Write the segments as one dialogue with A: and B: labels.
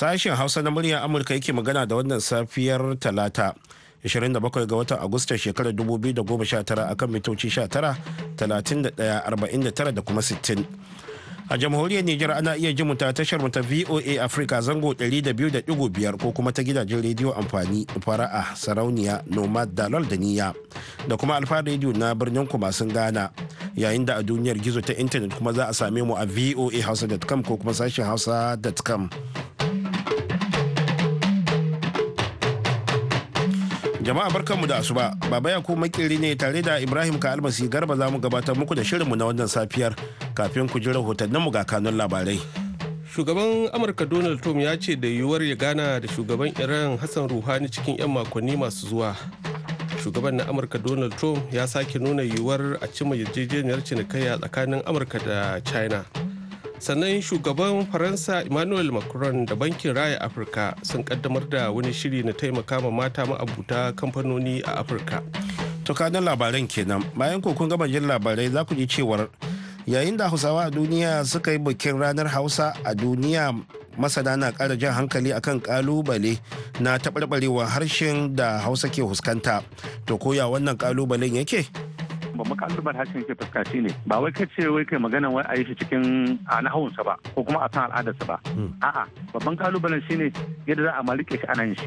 A: Sashen Hausa na muryar Amurka yake magana da wannan safiyar Talata 27 ga watan Agusta shekarar 2019 kan mitoci 19, 31, 49 da kuma 60. a jamhuriyar Nijar ana iya jin ta tashar ta VOA Africa zango 200.5 ko kuma ta gidajen rediyo amfani fara'a sarauniya nomad dalal da niya da kuma alfa rediyo na birnin kumasin gana yayin da a duniyar gizo ta intanet kuma za a same mu a VOA hausa.com ko kuma sashen hausa.com Jama'a barkanmu da asuba, Baba Yakubu Makiri ne tare da Ibrahim ka almasi garba za mu gabatar muku da shirinmu na wannan safiyar kafin ku ji mu ga kanun labarai.
B: Shugaban Amurka Donald Trump ya ce da yiwuwar ya gana da shugaban Iran Hassan Ruhani cikin 'yan makonni masu zuwa. Shugaban na Amurka Donald Trump ya sake nuna yiwuwar a cimma yarjejeniyar cinikayya tsakanin Amurka da China. sannan shugaban faransa emmanuel macron da bankin raya afirka sun kaddamar da wani shiri na
A: taimaka ma mata ma'abuta kamfanoni a afirka to labaran kenan bayan kukun gama labarai za ku ji cewar yayin da hausawa a duniya suka yi bikin ranar hausa a duniya masana na ƙara jan hankali akan kalubale na taɓarɓarewar harshen da hausa ke huskanta to koya wannan kalubalen yake
C: babban kalurbar harshen ke fuskaci ne ba wai ka ce wai kai magana wai a yi shi cikin a nahawunsa ba ko kuma a kan al'adarsa ba hmm. a'a babban kalubalen shine yadda za a malike shi anan shi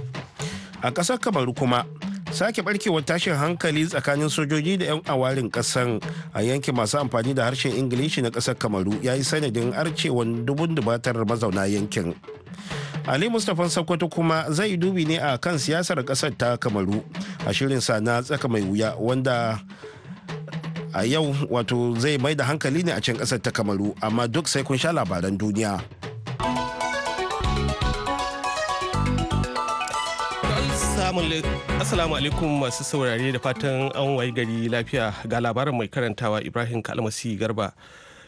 A: a kasar kamaru kuma sake barkewar tashin hankali tsakanin sojoji da 'yan awarin kasan a yankin masu amfani da harshen ingilishi na kasar kamaru ya yi sanadin arcewan dubun dubatar mazauna yankin ali mustapha sokoto kuma zai dubi ne a kan siyasar kasar ta kamaru a shirin sa na tsaka mai wuya wanda a yau wato zai mai da hankali ne a can kasar ta kamaru amma duk sai kun sha labaran duniya
B: Assalamu alaikum masu saurare da fatan an wayi gari lafiya ga labarin mai karantawa Ibrahim Kalmasi Garba.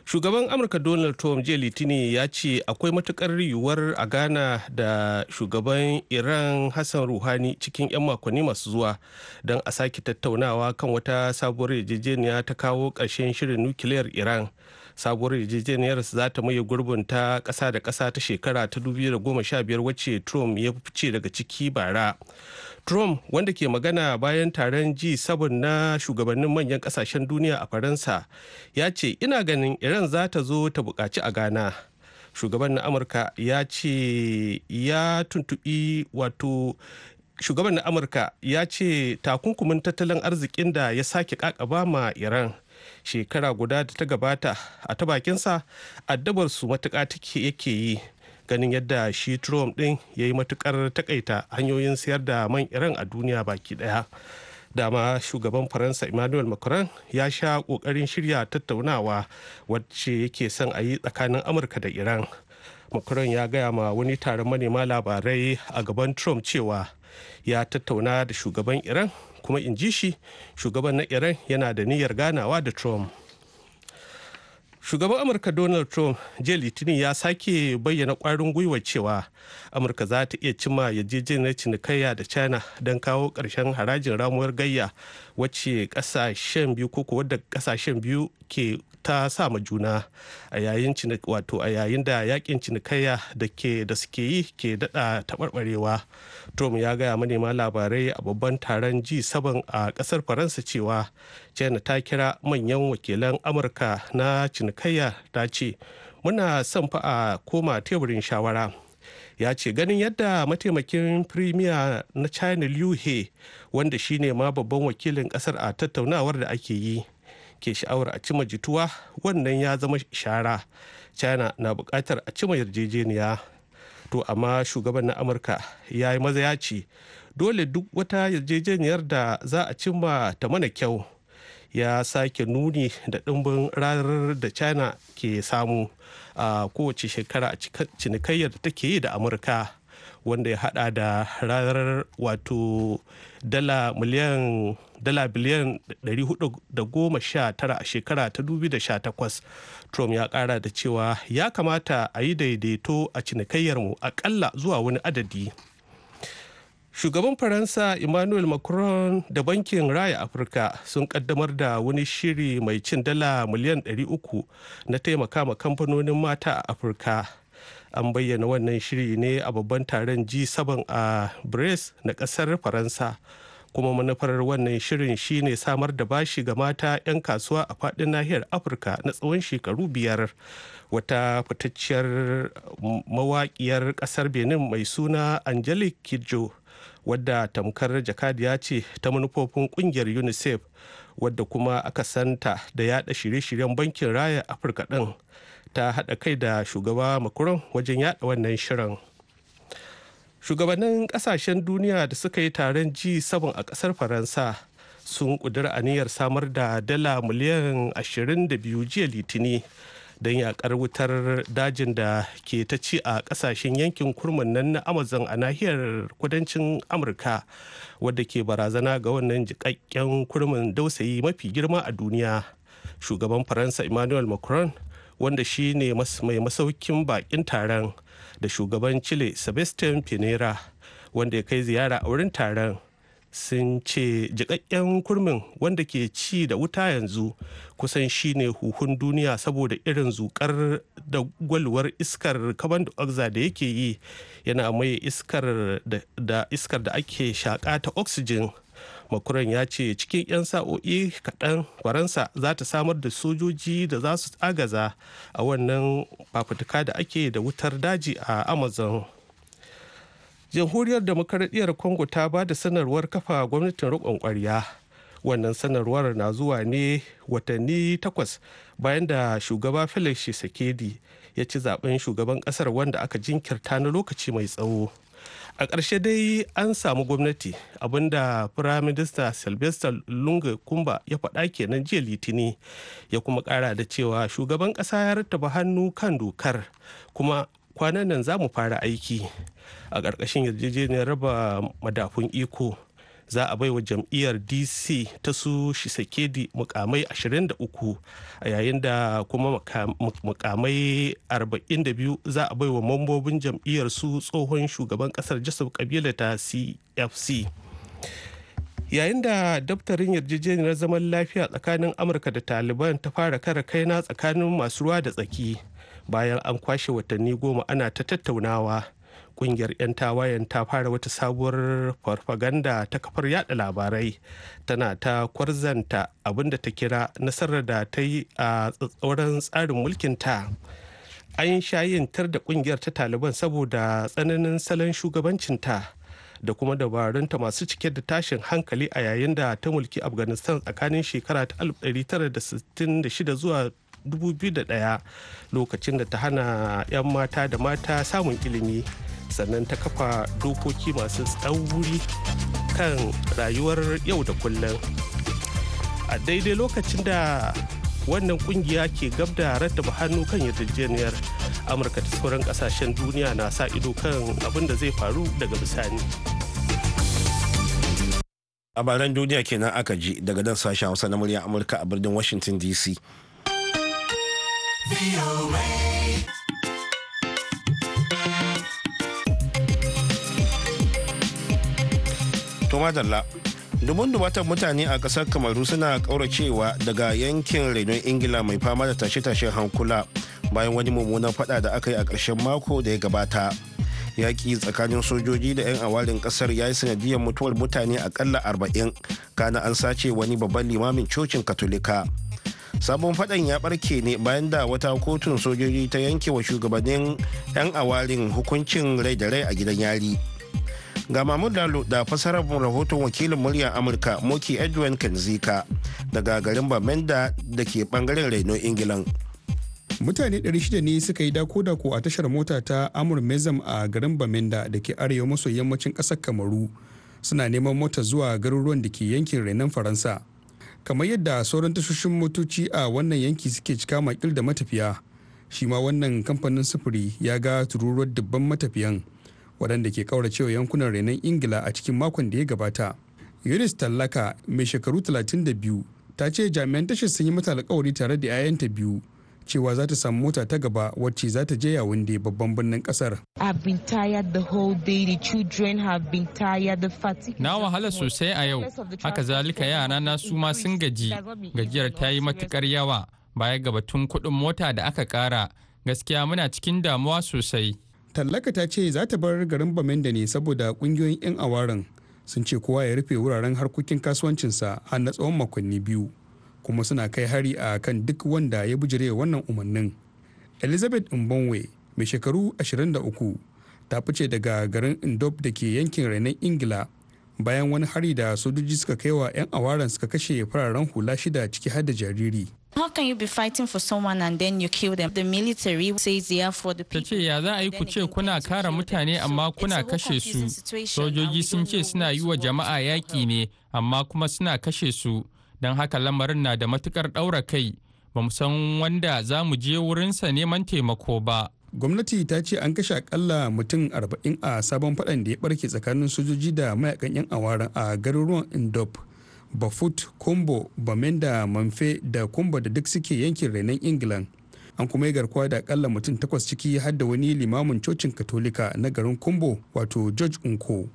B: shugaban amurka donald trump jiya litini ya ce akwai matukar yiwuwar a ghana da shugaban iran hassan ruhani cikin 'yan makonni masu zuwa don a sake tattaunawa kan wata sabuwar yarjejeniya ta kawo ƙarshen shirin nukiliyar iran sabuwar yarjejeniyar za ta maye gurbin ta ƙasa da ƙasa ta shekara ta 2015 wacce trump ya fice daga ciki bara Trump wanda ke magana bayan taron G7 na shugabannin manyan kasashen duniya a Faransa ya ce ina ganin Iran za ta zo ta bukaci a Ghana. Shugaban na Amurka ya ce ya tuntubi wato shugaban na Amurka ya ce takunkumin tattalin arzikin da ya sake kakaba ma Iran shekara guda da ta gabata a ta bakinsa addabar su matuƙa take yake yi. ganin yadda shi trump din ya yi matukar takaita hanyoyin siyar da man iran a duniya baki daya dama shugaban faransa emmanuel macron ya sha kokarin shirya tattaunawa wacce yake son a yi tsakanin amurka da iran macron ya gaya ma wani taron manema labarai a gaban trump cewa ya tattauna da shugaban iran kuma in ji shi shugaban na iran yana da niyyar ganawa da trump shugaban amurka donald trump jiya litinin ya sake bayyana kwarin gwiwa cewa amurka za ta iya cima na cinikayya da china don kawo ƙarshen harajin ramuwar gayya wacce kasashen biyu ko wadda kasashen biyu ke ta sama juna a yayin wato a yayin da yakin cinikayya da ke da suke yi ke dada taɓarɓarewa tom ya gaya manema labarai a babban taron g7 a ƙasar faransa cewa china ta kira manyan wakilan amurka na cinikayya ta ce muna son fa a koma teburin shawara ya ce ganin yadda mataimakin firimiya na china liu he wanda shine ma babban wakilin kasar a tattaunawar da ake yi ke sha'awar a cima jituwa wannan ya zama shara china na bukatar a cima yarjejeniya to amma shugaban na amurka ya yi maza ya ce dole duk wata yarjejeniyar da za a cimma ta mana kyau ya sake nuni da ɗimbin ranar da china ke samu a kowace shekara a cinikayyar da take yi da amurka wanda ya hada da ranar wato dala miliyan dala biliyan 419 a shekara ta 2018 trump ya kara da cewa ya kamata a yi daidaito a cinikayyar mu akalla zuwa wani adadi shugaban faransa emmanuel macron da bankin raya afirka sun kaddamar da wani shiri mai cin dala miliyan 300 na taimaka ma kamfanonin mata a afirka an bayyana wannan shiri ne a babban taron g7 a brest na kasar faransa kuma manufar wannan shirin shine samar da bashi ga mata 'yan kasuwa a fadin nahiyar afirka na tsawon shekaru biyar wata fitacciyar mawaƙiyar ƙasar benin mai suna angelique kidjo wadda tamkar jakadiya ce ta manufofin kungiyar unicef wadda kuma aka santa da yada shirye-shiryen bankin raya afirka din ta hada kai da shugaba makuron wajen yada wannan shirin shugabannin kasashen duniya da suka yi taron ji sabon a kasar faransa sun kudura aniyar samar da dala miliyan 22 jiya litini don yakar wutar dajin da ke ta ci a kasashen yankin kurmin nan na amazon a nahiyar kudancin amurka wadda ke barazana ga wannan jikakken kurmin dausayi mafi girma a duniya shugaban faransa emmanuel macron wanda shi ne mai masaukin bakin taron da shugaban chile sebastian pinera wanda ya kai ziyara a wurin taron sun ce jiƙaƙƙen kurmin wanda ke ci da wuta yanzu kusan shi ne huhun duniya saboda irin zukar da gwalwar iskar carbon dioxide da yake yi yana mai iskar da iskar da ake shaƙa ta oxygen makuran ya ce cikin 'yan sa'o'i kaɗan kwaransa za ta samar da sojoji da za su agaza a wannan fafutuka da ake da wutar daji a amazon jamhuriyar demokaradiyyar congo ta ba da sanarwar kafa gwamnatin riƙon ƙwarya wannan sanarwar na zuwa ne watanni takwas bayan da shugaba felix shisekedi ya ci zaben shugaban ƙasar wanda aka jinkirta na lokaci mai tsawo a ƙarshe dai an samu gwamnati abinda firaminista sylvester lunga kumba ya faɗa kenan jiya litini ya kuma ƙara da cewa shugaban ƙasa ya rattaba hannu kan dokar kuma kwanan nan za mu fara aiki a ƙarƙashin yarjejeniyar raba madafun iko za a baiwa jam'iyyar dc ta su shiseke-di mukamai 23 a yayin da kuma mukamai 42 za a baiwa mambobin jam'iyyar su tsohon shugaban kasar jasab kabila ta cfc yayin da daftarin yarjejeniyar zaman lafiya tsakanin amurka da taliban ta fara kara kaina tsakanin masu ruwa da tsaki bayan an kwashe watanni goma ana ta tattaunawa kungiyar 'yan tawayen ta fara wata sabuwar farfaganda ta kafar yada labarai tana ta kwarzanta abinda ta kira nasarar da ta yi a tsatsauran tsarin mulkinta an tar da kungiyar ta taliban saboda tsananin salon shugabancinta da kuma dabarunta masu cike da tashin hankali a yayin da ta mulki afghanistan tsakanin shekara ta 1966 zuwa 2001 lokacin da ta hana 'yan mata da mata samun ilimi sannan ta kafa dokoki masu tsauri kan rayuwar yau da kullum a daidai lokacin da wannan kungiya ke gab da rattaba hannu kan yarjejeniyar amurka da sauran kasashen duniya na sa ido kan abin da zai faru daga bisani
A: labaran duniya kenan aka ji daga nan sashen hausa na murya amurka a birnin washington dc Toma Dalla dubun dubatan mutane a ƙasar kamaru suna ƙauracewa daga yankin renon ingila mai fama da tashe-tashen hankula bayan wani mummunan fada da aka yi a ƙarshen mako da ya gabata yaƙi tsakanin sojoji da 'yan awarin ƙasar ya yi sanadiyar mutuwar mutane akalla 40 kana an sace wani babban limamin cocin katolika sabon fadan ya barke ne bayan da wata kotun sojoji ta yanke wa shugabannin 'yan awarin hukuncin rai da rai a gidan yari ga mamun lalo da fasarar rahoton wakilin muryar amurka moki edwin kanzika daga garin bamenda da ke bangaren rainon ingilan
D: mutane 600 ne suka yi dako dako a tashar mota ta amur mezam a garin bamenda da ke arewa maso yammacin kasar kamaru suna neman mota zuwa garuruwan da ke yankin renon faransa kamar yadda sauran tashoshin motoci a wannan yanki suke cika makil da matafiya shi ma wannan kamfanin sufuri ya ga tururuwar dubban matafiyan waɗanda ke cewa yankunan renon ingila a cikin makon da ya gabata yunis tallaka mai shekaru 32 ta ce jami'an tashar sun yi mata alkawari tare da 'ya'yanta biyu cewa za ta samu mota ta gaba wacce za ta je yawunde
E: babban birnin kasar. Na wahala sosai a yau, haka zalika yara na su ma sun gaji, gajiyar ta yi matukar yawa baya ga batun kuɗin mota da aka ƙara. Gaskiya muna cikin damuwa sosai.
D: Tallaka ta ce za ta bar garin Bamenda ne saboda ƙungiyoyin 'yan awarin sun ce kowa ya rufe wuraren harkokin kasuwancinsa har na tsawon makonni biyu. kuma suna kai hari a kan duk wanda ya bijire wannan umarnin elizabeth mbonwe mai shekaru 23 ta fice daga garin indop da ke yankin renon ingila bayan wani hari da sojoji suka kai wa 'yan awaran suka kashe fararen hula shida ciki har da jariri
E: How can you be fighting for someone and then you kill them? The military says they are for the people. Tace ya za a yi ku ce kuna kare mutane amma kuna kashe su. Sojoji sun ce suna yi wa jama'a yaƙi ne amma kuma suna kashe su. don haka lamarin na da matukar ɗaura kai ba mu san wanda za mu je wurinsa neman taimako ba gwamnati
D: ta ce an kashe akalla mutum 40 a sabon faɗan da ya barke tsakanin sojoji da mayakan 'yan awara a garuruwan indop bafut kumbo bamenda da manfe da kumba da duk suke yankin renon ingilan an kuma yi garkuwa da akalla mutum takwas ciki har da wani limamin cocin katolika na garin kumbo wato george unko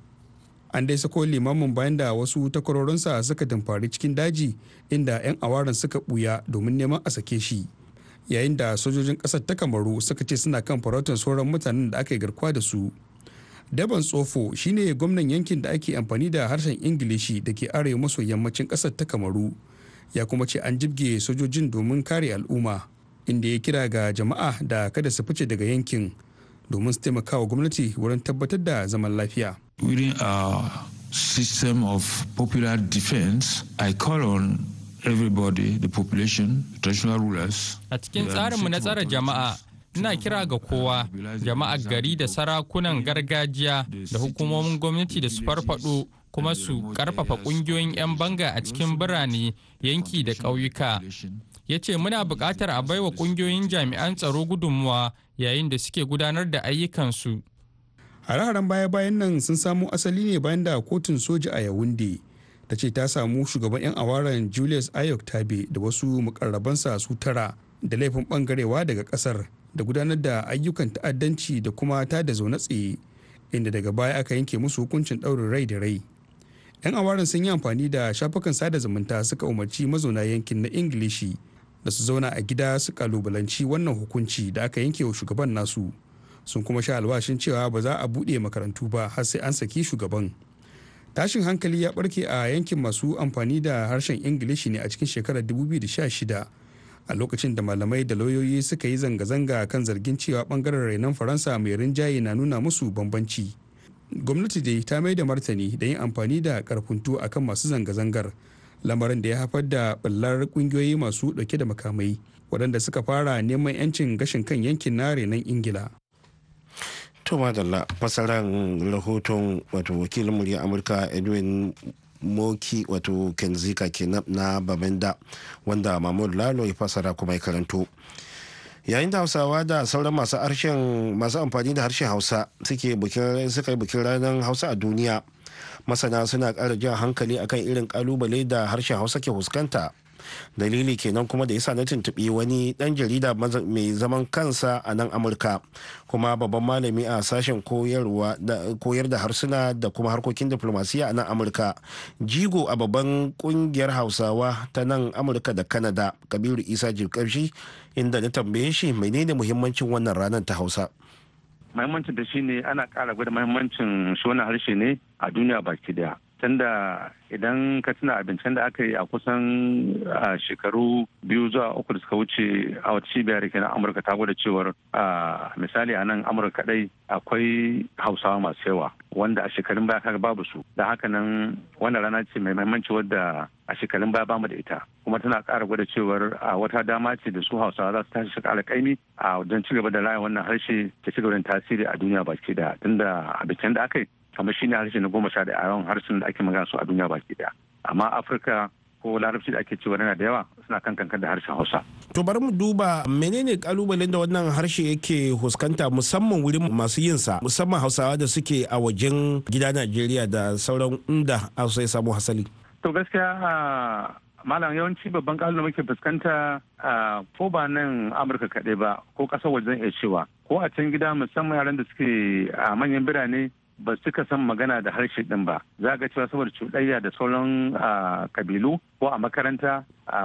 D: an dai sako limamin bayan da wasu takwarorinsa suka damfari cikin daji inda 'yan awaran suka buya domin neman a sake shi yayin da sojojin kasar ta kamaru suka ce suna kan farautar sauran mutanen da aka yi garkuwa da su daban tsofo shine gwamnan yankin da ake amfani da harshen ingilishi da ke arewa maso yammacin kasar ta kamaru ya kuma ce an jibge sojojin domin kare al'umma inda ya kira ga jama'a da kada su fice daga yankin domin su taimaka wa gwamnati wurin tabbatar da zaman lafiya
F: within our
B: system of popular defense, I call on everybody, the population,
F: traditional rulers.
E: A cikin tsarinmu na tsara jama'a, ina kira ga kowa, jama'ar gari da sarakunan gargajiya da hukumomin gwamnati da su farfado kuma su karfafa kungiyoyin 'yan banga a cikin birane, yanki da ƙauyuka. ya ce muna buƙatar a baiwa ƙungiyoyin jami'an tsaro gudunmuwa yayin da suke gudanar da ayyukansu
D: hare-haren baya-bayan nan sun samo asali ne bayan da kotun soja a yawunde ta ce ta samu shugaban 'yan awaren julius ayok tabe da wasu mukarrabansa su tara da laifin bangarewa daga kasar da gudanar da ayyukan ta'addanci da kuma ta da zaune tsaye inda daga baya aka yanke musu hukuncin daurin rai da rai 'yan awaren sun yi amfani da shafukan sada zumunta suka umarci mazauna yankin na ingilishi da su zauna a gida su kalubalanci wannan hukunci da aka yanke wa shugaban nasu sun kuma sha alwashin cewa ba za a buɗe makarantu ba har sai an saki shugaban tashin hankali ya barke a yankin masu amfani da harshen ingilishi ne a cikin shekarar 2016 a lokacin da malamai da lauyoyi suka yi zanga-zanga kan zargin cewa bangaren renon faransa mai rinjaye na nuna musu bambanci gwamnati dai ta mai da martani da yin amfani da karfuntu kan masu zanga-zangar lamarin da ya haifar da ɓullar kungiyoyi masu ɗauke da makamai waɗanda suka fara neman 'yancin gashin kan yankin na renon ingila
A: to madalla fasaran rahoton wato wakilin murya amurka edwin moki wato kenzika kenan na babenda wanda mahmud lalo ya fasara kuma ya karanto yayin da hausawa da sauran masu harshen masu amfani da harshen hausa suke bukin suka yi bukin ranar hausa a duniya masana suna ƙara jan hankali akan irin kalubale da harshen hausa ke fuskanta dalili kenan kuma da yasa na tuntuɓi wani ɗan jarida mai zaman kansa a nan amurka kuma babban malami a sashen koyar da harsuna da kuma harkokin diplomasiya a nan amurka jigo a babban ƙungiyar hausawa ta nan amurka da kanada kabiru isa jirkarshi inda na tambaye shi menene muhimmancin wannan ranar ta hausa
C: mahimmancin da shine ana kara gwada mahimmancin shi wannan harshe ne a duniya baki daya tunda idan ka tuna abincin da aka yi a kusan shekaru biyu zuwa uku da suka wuce a wata cibiyar na amurka ta gwada cewar misali a nan amurka kadai akwai hausawa masu yawa wanda a shekarun baya kaga babu su da haka nan wannan rana ce mai mahimmanci wadda a shekarun baya bamu da ita kuma tana ƙara gwada cewar a wata dama ce da su hausawa za su tashi shiga alƙaimi a ci gaba da layin wannan harshe ta cigaba da tasiri a duniya baki da tunda abincin da aka yi kamar shine harshe na goma sha da a harshen da ake magana su a duniya baki daya amma afirka ko larabci da ake cewa yana da yawa suna kan kankan da harshen hausa
A: to bari mu duba menene kalubalen da wannan harshe yake huskanta musamman wurin masu yin sa musamman hausawa da suke a wajen gida najeriya da sauran inda hausa ya samu hasali
C: to gaskiya ah, malam yawanci babban kalubale muke fuskanta ah, ko ba nan amurka kaɗai ba ko ƙasar wajen iya cewa ko a can gida musamman yaran da suke a ah, manyan birane ba suka san magana da harshe din ba za ga cewa saboda cuɗayya da sauran kabilu ko a makaranta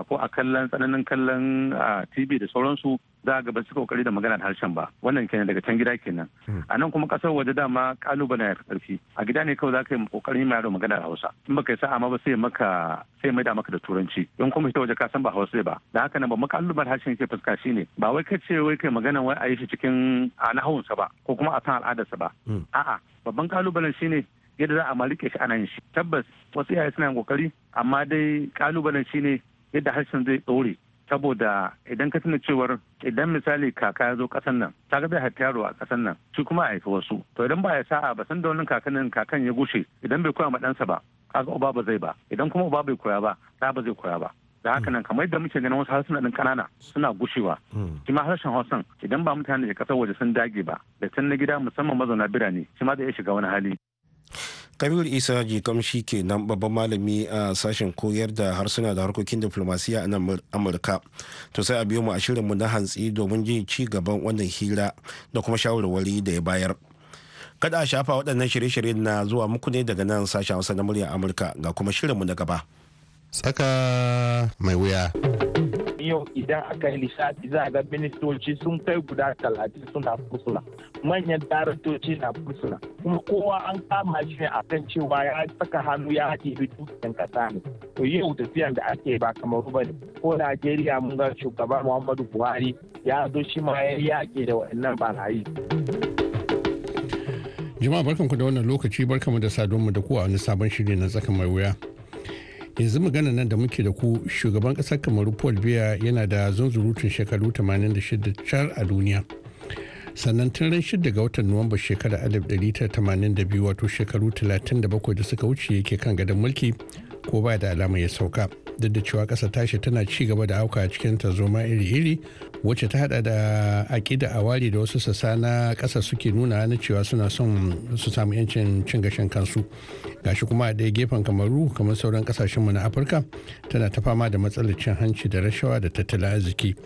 C: ko a kallon tsananin kallon tv da sauransu za a gaba su kokari da magana da harshen ba wannan kenan daga can gida kenan hmm. a nan kuma kasar waje dama kalubale ya karfi a gida ne kawai za ka yi kokarin ma yaro magana hausa in baka yi sa'a ma ba sai maka sai mai da maka da turanci in kuma ita waje ka san ba hausa ba da haka nan ba maka kalubale harshen ke fuska shine ba wai ka ce wai kai magana wai a yi shi cikin a nahawunsa ba ko kuma a san al'adarsa ba hmm. a'a babban kalubalen ne yadda za a ma rike shi anan shi tabbas wasu iyaye suna yin kokari amma dai kalubalen ne yadda harshen zai ɗore saboda idan ka tuna cewar idan misali kaka ya zo kasan nan ta ga zai haifi yaro a kasan nan su kuma a haifi wasu to idan ba ya sa'a ba san da wannan kakan kakan ya gushe idan bai koya ma ɗansa ba kaga uba ba zai ba idan kuma uba bai koya ba ɗa ba zai koya ba da haka nan kamar yadda muke ganin wasu harsuna ɗin ƙanana suna gushewa hmm. shi ma harshen hausan idan ba mutane da ƙasar waje sun dage ba da can na gida musamman mazauna birane shi ma zai iya shiga wani hali
A: kabiru isa shi ke nan babban malami a sashen koyar da harsuna da harkokin diplomasiya a nan amurka to sai a biyo mu a shirinmu na hantsi domin jin ci gaban wannan hira da kuma shawarwari da ya bayar kada a shafa waɗannan shirye-shirye na zuwa muku ne daga nan sashen hausa na muryar amurka ga kuma shirinmu na gaba
G: tsaka mai wuya
F: yau idan aka yi lissafi za a ga ministoci sun kai guda talatin suna fursuna manyan daraktoci na fursuna kuma kowa an kama shi ne kan cewa ya saka hannu ya haɗe dukkan kasa ne to yau tafiyan da ake ba kamar ba ne ko najeriya mun ga shugaba muhammadu buhari ya zo shi ma ya yaƙi da waɗannan barayi.
G: jama'a barkanku da wannan lokaci barkanmu da sadonmu da ku a wani sabon shiri na tsaka mai wuya yanzu magana nan da muke da ku shugaban ƙasar kamaru paul biya yana da zunzurutun shekaru 86 a duniya sannan tun ran 6 ga watan nuwamba shekarar 1982 wato shekaru 37 da suka wuce yake kan gadon mulki ko ba da alama ya sauka duk da cewa ƙasa tashi tana ci gaba da auka a cikin tarzoma iri-iri wacce ta hada da aƙida a wari da wasu sassa na ƙasa suke nuna na cewa suna son su samu yancin cin gashin kansu gashi kuma a ɗaya gefen kamaru kamar sauran ƙasashenmu na afirka tana ta fama da matsalar cin hanci da rashawa da tattalin arziki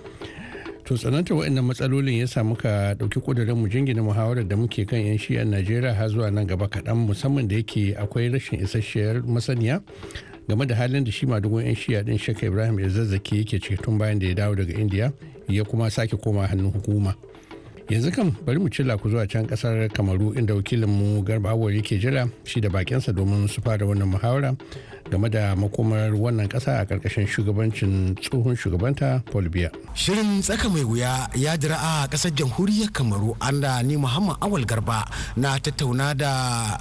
G: to tsananta waɗannan matsalolin ya samu ka ɗauki ƙudurin mu jingina muhawarar da muke kan 'yan shi'an najeriya har zuwa nan gaba kaɗan musamman da yake akwai rashin isasshiyar masaniya game da halin da shi madugun 'yan shiya din shaka ibrahim ya zazzaki yake ce tun bayan da ya dawo daga india ya kuma sake koma hannun hukuma yanzu kan bari mu cilla ku zuwa can kasar kamaru inda wakilinmu garba awar yake jira shi da bakinsa domin su fara wannan muhawara game da makomar wannan kasa a karkashin shugabancin tsohon shugabanta paul
H: shirin tsaka mai
G: wuya ya jira a kasar jamhuriyar kamaru da ni
H: muhammad awal garba na tattauna da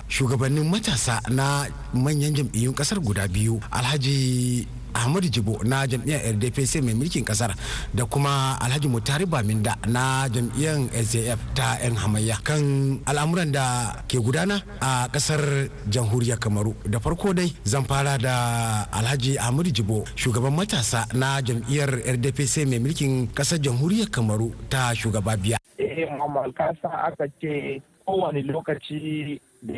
H: shugabannin matasa na manyan jam'iyyun kasar guda biyu alhaji ahmadu jibo na jam'iyyar rdpc mai mulkin kasar da kuma alhaji mutari baminda na jam'iyyar sjf ta 'yan hamayya kan al'amuran da ke gudana a kasar jamhuriyar kamaru da farko dai zan fara da alhaji ahmadu jibo shugaban matasa na jam'iyyar rdpc mai mulkin kasar jamhuriyar kamaru ta shugaba biya
F: eh, aka ce kowane lokaci da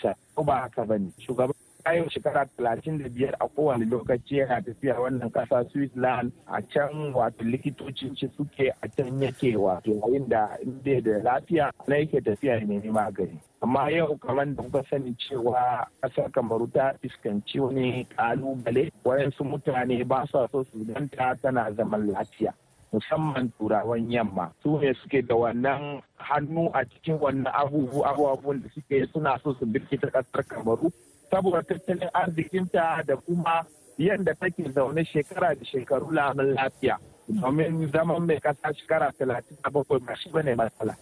F: sa, ko ba haka bane shugaban yau shekara talatin da biyar a kowane lokaci yana tafiya wannan kasa switzerland a can wato likitocin shi suke a can yake wato inda inda da lafiya na yake tafiya ne magani amma yau kamar da kuka sani cewa kasar kamaru ta fuskanci wani kalubale wayansu mutane ba sa so su ganta tana zaman lafiya musamman turawan yamma su ne suke da wannan hannu a cikin wannan abubuwa, abubuwan da suke suna so su birkita kasar kamaru saboda tattalin arzikinta da kuma yadda take zaune shekara da shekaru lamun lafiya domin zaman mai kasa shekara talatin da bakwai ba shi bane matsala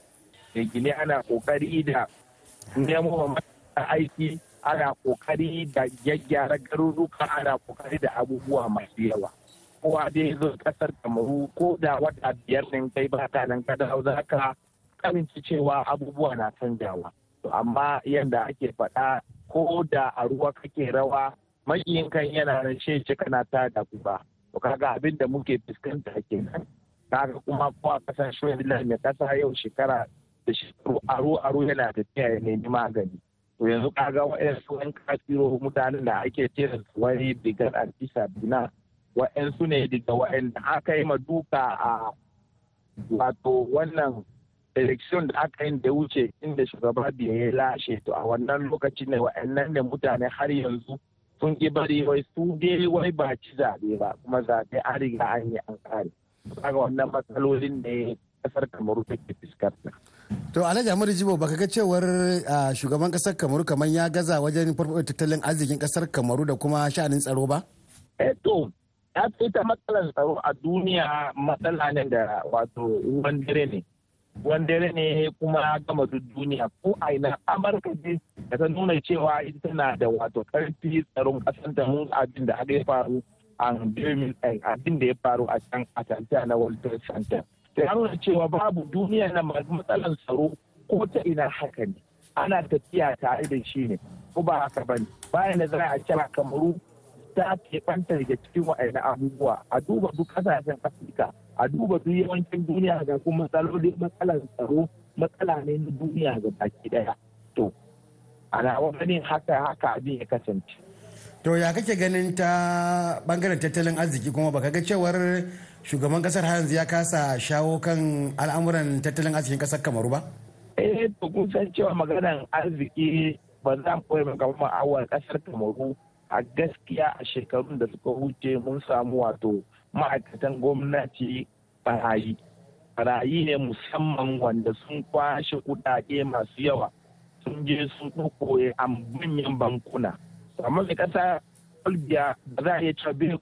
F: da gini ana kokari da nemo aiki ana kokari da gyaggyara garuruka ana kokari da abubuwa masu yawa kowa dai zo kasar kamaru ko da wata biyar ne kai ba ta nan kada za ka kaminci cewa abubuwa na canjawa to amma yadda ake faɗa ko da a ruwa kake rawa makiyin kan yana nan shi kana ta da ba to kaga abin da muke fuskanta kenan kaga kuma ko a kasan Switzerland mai kasa yau shekara da shekaru aro aro yana tafiya ya nemi magani to yanzu kaga wa'ansu wani kafiro mutanen da ake cire wani digar artisa bina wa'ansu ne daga wa'anda aka yi ma duka a wato wannan election da aka yi da wuce inda shugaba biya ya lashe to a wannan lokacin ne wa'annan ne mutane har yanzu sun ki bari wai su dai wai ba ci zabe ba kuma zaɓe an riga an yi an kare kaga wannan matsalolin da kasar kamaru take fuskanta
H: to alhaji amadu jibo baka ga cewar shugaban kasar kamaru kamar ya gaza wajen farfaɗa tattalin arzikin kasar kamaru da kuma sha'anin tsaro ba eh to ya ita matsalar tsaro a duniya
F: matsala ne da wato ruwan dare ne wanda ne kuma gama duk duniya ko a ina amurka ne. da ta nuna cewa ita tana da wato karfi tsaron kasan ta mun abin da aka faru a abin da ya faru a can a na world trade center ta nuna cewa babu duniya na matsalan tsaro ko ta ina haka ne ana tafiya tare da shi ne ko ba haka ba ne bayan da za a kira kamaru ta keɓanta daga cikin wa'ina abubuwa a duba duk ƙasashen afirka a duba duk yawancin duniya ga kuma matsaloli matsalar tsaro matsala ne na duniya ga baki daya to ana wani haka haka abin ya kasance
H: to ya kake ganin ta bangaren tattalin arziki kuma baka ga cewar shugaban kasar yanzu ya kasa shawo kan al'amuran tattalin arzikin kasar kamaru ba eh
F: to kun san cewa maganar arziki ba za mu koyi maka kuma awar kasar kamaru a gaskiya a shekarun da suka wuce mun samu wato ma'aikatan gwamnati barayi barayi ne musamman wanda sun kwashe kudade masu yawa sun je sun kokoye a manyan bankuna amma mai kasa olbia ba za a iya cewa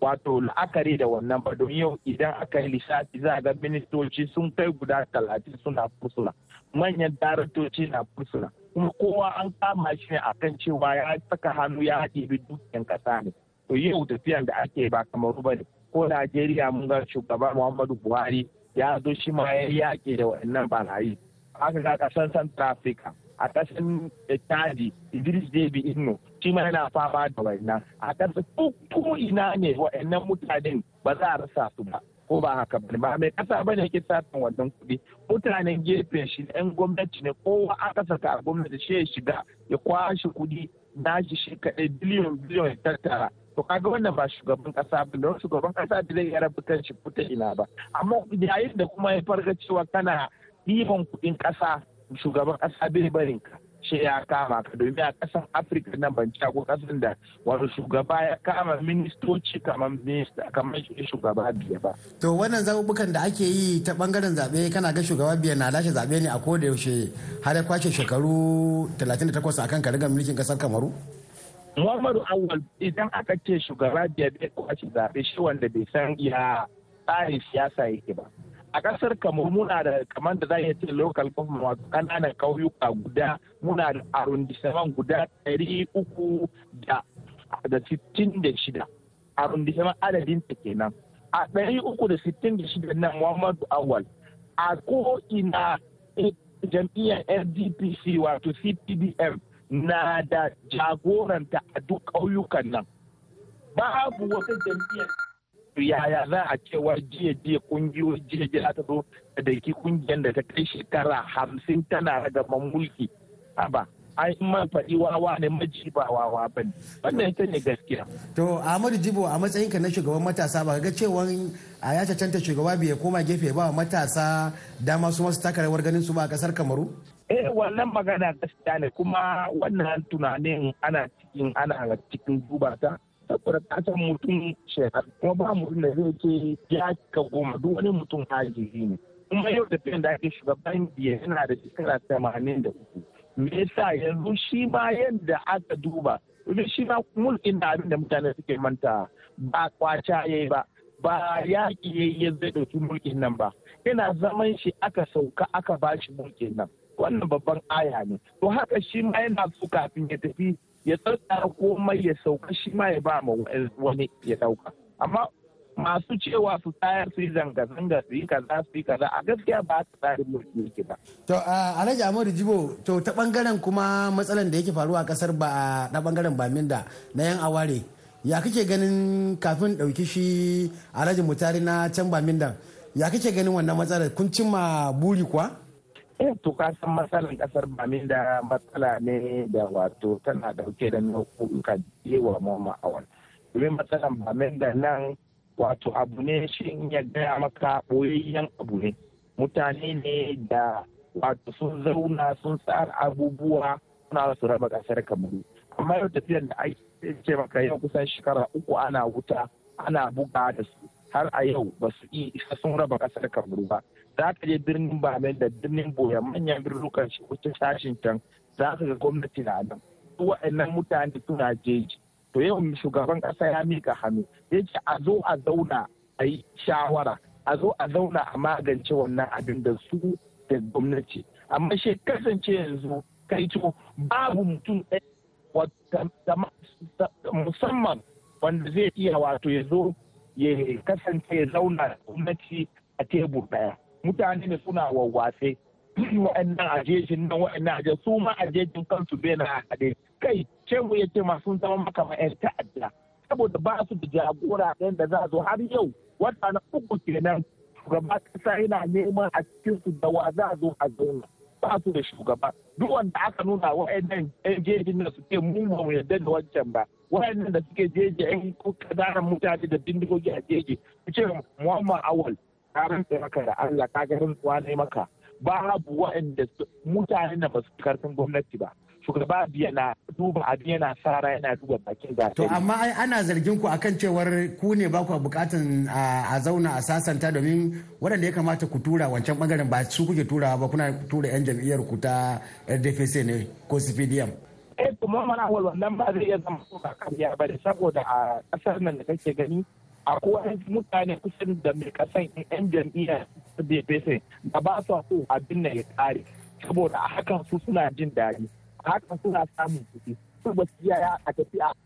F: wato la'akari da wannan ba don yau idan aka yi lissafi za a ga ministoci sun kai guda talatin suna fursuna manyan daratoci na fursuna kuma kowa an kama shi ne akan cewa ya saka hannu ya haɗe duk dukiyan kasa ne to yau tafiyan da ake ba kamar ba ne ko Najeriya mun ga shugaba Muhammadu Buhari ya zo shi ma ya yaƙi da waɗannan barayi. Aka ga ƙasar Central Africa a ƙasar Chadi Idris Deby Inno shi ma yana fama da waɗannan. A ƙasar ko ina ne wa'annan mutanen ba za a rasa su ba. ko ba haka ba ba mai kasa ba ne ke satan wannan kuɗi mutanen gefen shi yan gwamnati ne kowa aka saka a gwamnati shi ya shiga ya kwashe kuɗi na shi shi kaɗai biliyon biliyon tattara to kaga wannan ba shugaban kasa ba don shugaban kasa da zai rabu bukan shi ko ina ba amma yayin da kuma ya farga cewa kana ɗiban kuɗin kasa shugaban kasa bai barin ka shi ya kama ka domin a kasan afirka nan ban ko kasan da wani shugaba ya kama ministoci kamar minista kamar shugaba biya ba
H: to wannan zabubukan da ake yi ta bangaren zaɓe kana ga shugaba biya na lashe zaɓe ne a da yaushe har ya kwashe shekaru 38 akan karigar mulkin kasar kamaru Muhammadu
F: Awal idan aka ce shugaba biyar bai kwace zaɓe shi wanda bai san ya tsarin siyasa yake ba. A ƙasar kamar muna da kamar da za a ce local government wato ƙananan ƙauyuka guda muna da arrondissement guda ɗari uku da da sittin da shida. Arrondissement adadin ta kenan. A ɗari uku da sittin da shida nan Muhammadu Awal a ko ina eh, jam'iyyar FDPC wato CPDM na da jagoranta a duk ƙauyukan nan babu wata jam'iyyar yaya za a cewa jiya jiya jiye jiya jiya ta zo da ki ƙungiyar da ta kai shekara hamsin tana daga mulki haba an man faɗi wawa ne majibawa wa wannan ita ne gaskiya.
H: to ahmadu jibo a matsayinka na shugaban matasa ba ga cewa a ya cancanta shugaba bai koma gefe ba matasa dama su masu taka rawar ganin su ba a kasar kamaru. Eh wannan magana gaskiya ne kuma wannan tunanin ana cikin ana
F: cikin duba ta saboda ka san mutum shekaru kuma ba mutum da zai ce ya ka goma duk wani mutum hajiri ne kuma yau da fiye da ake shugaban biya yana da shekara tamanin da uku me yasa yanzu shi ma yadda aka duba domin shi ma mulkin da abin da mutane suke manta ba kwaca ya ba ba yaƙi ya zai ɗauki mulkin nan ba yana zaman shi aka sauka aka bashi mulkin nan wannan babban aya ne to haka shi ma yana so kafin ya tafi ya tsara komai ya sauka shi ma ya ba ma wani ya dauka amma masu cewa su tayar su yi zanga-zanga su yi kaza su yi kaza a gaskiya ba su tsarin mulki yake ba.
H: To Alhaji amadu Jibo to ta bangaren kuma matsalan da yake faruwa a kasar ba na bangaren Baminda na yan aware ya kake ganin kafin ɗauki shi Alhaji Mutari na can Baminda ya kake ganin wannan matsalar kun cimma buri kuwa? eh to ka san matsalan kasar bamin da matsala ne da wato tana dauke da
F: je wa mama awal domin matsalan bamin da nan wato abu ne shi ya gaya maka boyayyen abu ne mutane ne da wato sun zauna sun tsara abubuwa suna su raba kasar kamaru amma yau tafiyar da ake ce maka yau kusan shekara uku ana wuta ana buga da su har a yau ba su iya isa sun raba kasar kamaru ba za ka je birnin bamen da birnin boya manyan birnukan shi wuce sashin can za ka ga gwamnati na nan su waɗannan mutane suna jeji to yau shugaban ƙasa ya mika hannu ya ce a zo a zauna a yi shawara a zo a zauna a magance wannan abin da su da gwamnati amma shi kasance yanzu kai babu mutum ɗaya musamman wanda zai iya wato ya zo ya kasance zauna gwamnati a tebur ɗaya mutane ne suna wawwase wa'annan ajejin nan wa'annan ajejin su ma ajejin kansu bai na haɗe kai shehu ya ce ma zama maka ma ta'adda saboda ba su da jagora ɗayan da za su har yau wata na uku kenan shugaba kasa yana neman a cikin su da wa za zo a zauna ba su da shugaba duk wanda aka nuna wa'annan yan jejin nan su ce mu ba mu yarda da wancan ba wayannan da suke jeje in kazaran mutane da bindigogi a jeje ku ce muhammad awal ka rantsa maka da allah ka ga rantsuwa ne maka ba abu wayanda mutane da basu karfin gwamnati ba shugaba biya na duba abin yana sara yana duba bakin
H: zaɓe. To amma ana zargin ku akan cewar ku ne ba ku bukatan a zauna a sasanta domin waɗanda ya kamata ku tura wancan bangaren ba su kuke turawa ba kuna tura 'yan jam'iyyar ku ta RDPC ne ko CPDM. eh kuma mana wal wannan ba zai iya zama ko ba
F: kariya ba da saboda a kasar nan da kake gani akwai mutane kusan da mai kasan yan jam'iyyar bpc da ba su so abin da ya kare saboda a hakan su suna jin daɗi a hakan suna samun kuɗi su ba su yaya a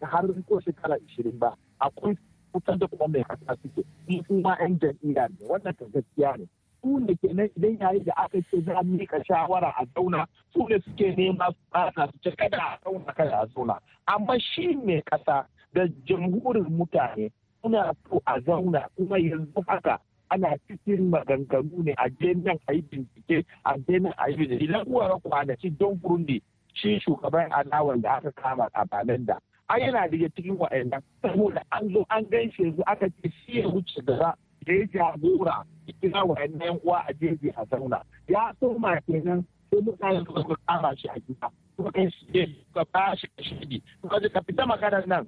F: a har ko shekara ishirin ba akwai kusan da kuma mai kasa suke su kuma yan jam'iyya ne wannan gaskiya ne su ne kenan idan yayi da aka ce za a mika shawara a zauna su ne suke nema su bata su ce kada a zauna kada a zauna amma shi ne kasa da jamhurin mutane suna so a zauna kuma yanzu haka ana cikin maganganu ne a je nan a yi bincike a je nan a yi bincike idan uwar kwanaki don burundi shi shugaban alawar da aka kama a balanda an yana daga cikin wa'annan saboda an zo an gan shi yanzu aka ce shi ya wuce gaba da ya jagora kira wa yan uwa a jeji a zauna ya soma kenan sai mutane suka kama shi a gida Ko kai shi ne ka ba shi a shidi suka ji ka fita maganar nan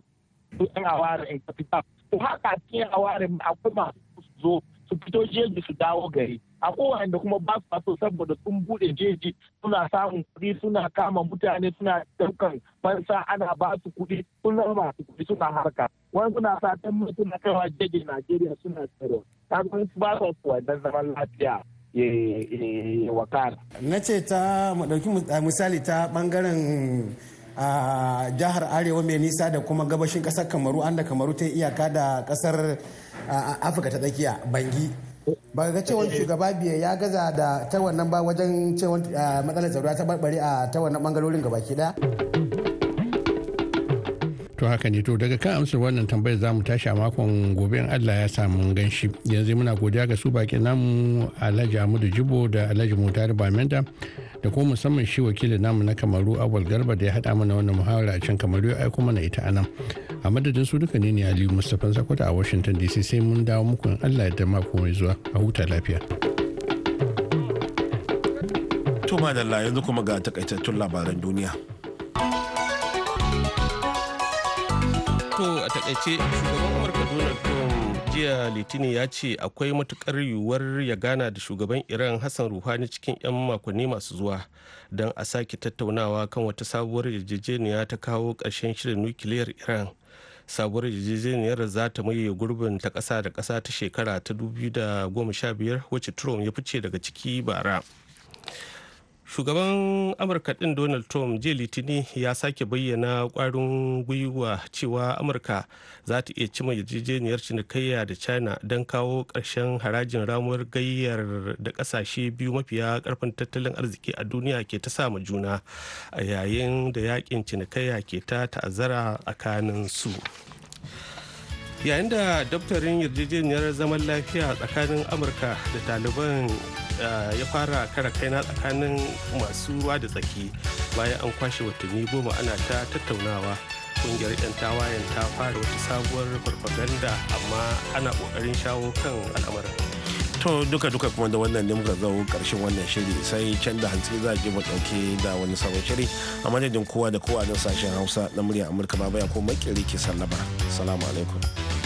F: su yan aware in ka fita Ko haka cikin aware akwai masu zo su fito jeji su dawo gari a kowane kuma ba su so saboda sun bude jeji suna samun kuɗi suna kama mutane suna daukan fansa ana ba su kuɗi sun zama masu kuɗi suna harka wani suna satan mutum na kaiwa jirgin najeriya suna tsaro kuma ba su wannan zaman lafiya ya wakar.
H: Na ce ta mu misali ta ɓangaren a jihar arewa mai nisa da kuma gabashin ƙasar kamaru an da kamaru ta iyaka da ƙasar afirka ta tsakiya bangi ba ga cewa shugaba biya ya gaza da ta wannan ba wajen cewa matsalar tsaro ta barbare a ta wannan ɓangarorin gabaki daya
G: to haka ne to daga kan amsar wannan tambayar za mu tashi a makon gobe in allah ya samu ganshi yanzu muna godiya ga su bakin namu alhaji amudu jibo da alhaji mutari bamenda da kuma musamman shi wakilin namu na kamaru awal garba da ya haɗa mana wannan muhawara a can kamaru ya aiko mana ita anan a madadin su duka ne ne ali mustapha sakwata a washington dc sai mun dawo muku in allah ya da mako mai zuwa a huta lafiya.
A: To madalla yanzu kuma ga takaitattun labaran duniya.
B: to a takaice shugaban amurka donald
A: trump
B: jiya litini ya ce akwai matukar yiwuwar ya gana da shugaban iran hassan ruhani cikin 'yan makonni masu zuwa don a sake tattaunawa kan wata sabuwar yarjejeniya ta kawo ƙarshen shirin nukiliyar iran sabuwar yarjejeniyar za ta maye gurbin ta ƙasa da ƙasa ta shekara ta 2015 wacce trump ya fice daga ciki bara shugaban amurka ɗin donald trump jiya litini ya sake bayyana ƙwarin gwiwa cewa amurka za ta iya cima yarjejeniyar cinikayya da china don kawo ƙarshen harajin ramuwar gayyar da ƙasashe biyu mafiya ƙarfin tattalin arziki a duniya ke ta sama juna a yayin da yakin cinikayya ke ta ta'azzara tsakanin su yayin da daftarin yarjejeniyar zaman lafiya tsakanin amurka da taliban eh, ya fara kara kaina tsakanin masu ruwa da tsaki bayan an kwashe watanni goma ana ta tattaunawa kungiyar 'yan tawayen ta fara wata sabuwar farfaganda amma ana kokarin shawo kan al'amarin
A: to duka-duka kuma da wannan ne muka zau karshen wannan shiri sai can da hantsi za a ji mu dauke da wani sabon shiri a madadin kowa da kowa don sashen hausa na murya amurka ba baya ko makiri ke sallaba salamu alaikum